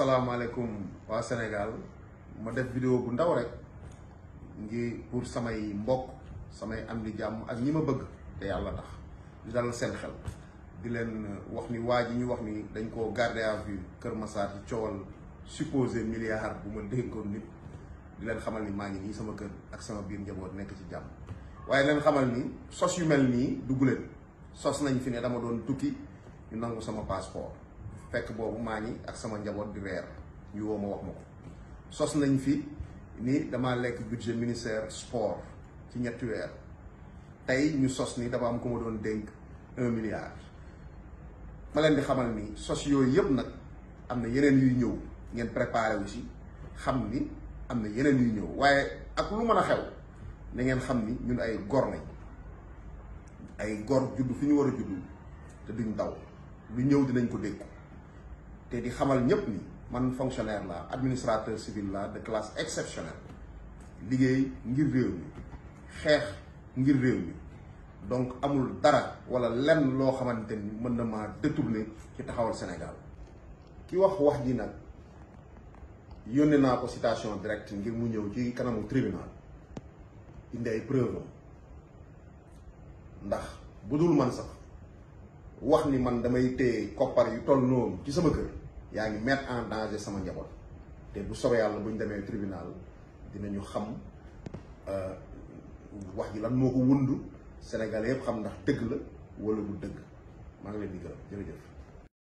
salaamaaleykum waa Sénégal ma def vidéo bu ndaw rek ngi pour samay mbokk samay am ni jàmm ak ñi ma bëgg te yàlla tax di dalal seen xel di leen wax ni waa ji ñu wax ni dañ koo garder à vue Kër Massar ci coowal supposé milliard bu ma dénkoon nit di leen xamal ni maa ngi nii sama kër ak sama biir njaboot nekk ci jàmm waaye leen xamal ni sos yu mel nii dugg leen sos nañ fi ne dama doon tukki ñu nangu sama passeport fekk boobu maa ngi ak sama njaboot di reer ñu woo ma wax ma ko sos nañ fi ni dama lekk budget ministère sport ci ñetti weer tey ñu sos ni dafa am ku ma doon dénk 1 milliard ma leen di xamal ni sos yooyu yëpp nag am na yeneen yuy ñëw ngeen préparé wu si xam ni am na yeneen yuy ñëw waaye ak lu mën a xew na ngeen xam ni ñun ay gor lañ ay gor judd fi ñu war a judd te duñ daw lu ñëw dinañ ko dégg té di xamal ñëpp ni man fonctionnaire la administrateur civil la de classe exceptionnelle liggéey ngir réew mi xeex ngir réew mi donc amul dara wala lenn loo xamante ni mën na maa détourner ci taxawal Sénégal ki wax wax ji nag yónnee naa ko citation directe ngir mu ñëw ci kanamu tribunal indi ay preuve ndax budul man sax wax ni man damay téye koppar yu toll noonu ci sama kër yaa ngi mettre en danger sama njaboot te bu soobee yàlla bu ñu demee tribunal dinañu xam euh, wax ji lan moo ko wund Sénégal yëpp xam ndax dëgg la wala bu dëgg maa ngi leen di gërëm jërëjëf.